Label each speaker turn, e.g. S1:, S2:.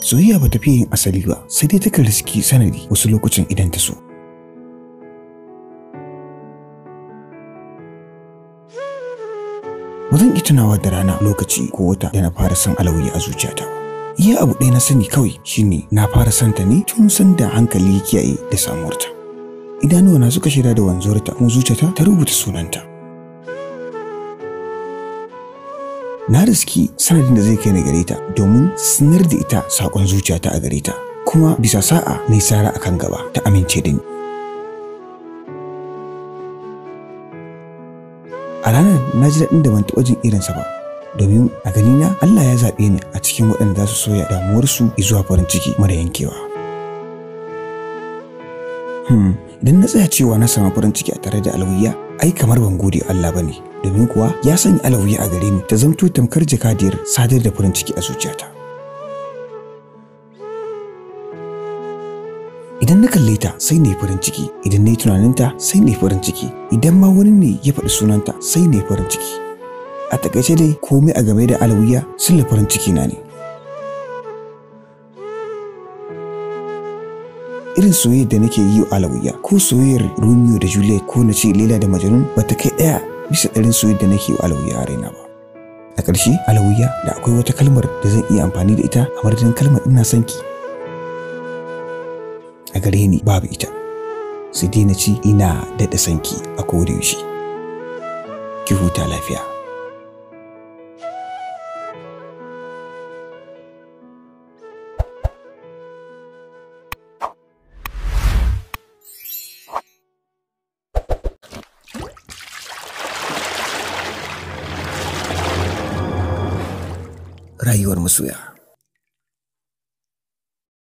S1: soyayya ba ta fi yin asali ba sai dai takan riski sanadi wasu lokacin idan ta so
S2: ba zan iya tunawa da rana lokaci ko wata da na fara son alawi a zuciyata iya abu ɗaya na sani kawai shine na fara san ta ne tun sanda hankali kiyaye da samuwarta na suka shirya da wanzuwarta kuma zuciyata ta rubuta sunanta na riski sanadin da zai kai ni gareta domin sanar da ita saƙon zuciyata a gareta, kuma bisa sa'a na yi sara akan gaba ta amince da ni a ranar na ji daɗin da ban taɓa jin irinsa ba domin a ganina Allah ya zaɓe ni a cikin waɗanda za su soya damuwarsu zuwa farin ciki mara yankewa. Hmm, idan na tsaya cewa na samu farin ciki a tare da alwiya, ai kamar ban gode Allah ba ne. domin kuwa ya sanya alawi a gare ni ta zamto tamkar jakadiyar sadar da farin ciki a zuciyata idan na kalle ta sai na yi farin ciki idan na yi tunaninta sai na yi farin ciki idan ma wani ne ya faɗi sunanta sai na yi farin ciki a takaice dai komai a game da alawiya sun farin ciki na ne irin soyayyar da nake yi wa alawiya ko soyayyar romeo da juliet ko na ce lela da majanun ba ta kai ɗaya bisa ɗarin soyayya da nake wa alawiya a raina ba a ƙarshe alawiya da akwai wata kalmar da zan iya amfani da ita a madadin kalmar ina son ki a gare ni babu ita sai dai na ci ina daɗa son ki a yaushe. ki huta lafiya
S1: rayuwar masoya.